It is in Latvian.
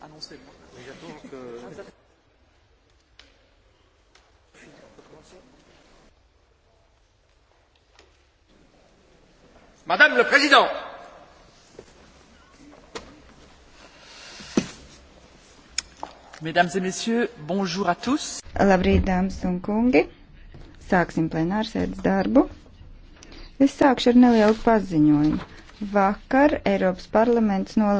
annoncez-moi. Mais j'attends que... Ah, Madame le Président, Mesdames et messieurs, bonjour à tous. Labrīt, dāmas un kungi. Sāksim plenārsēdes darbu. Es sākšu ar nelielu paziņojumu. Vakar Eiropas parlaments nolēma.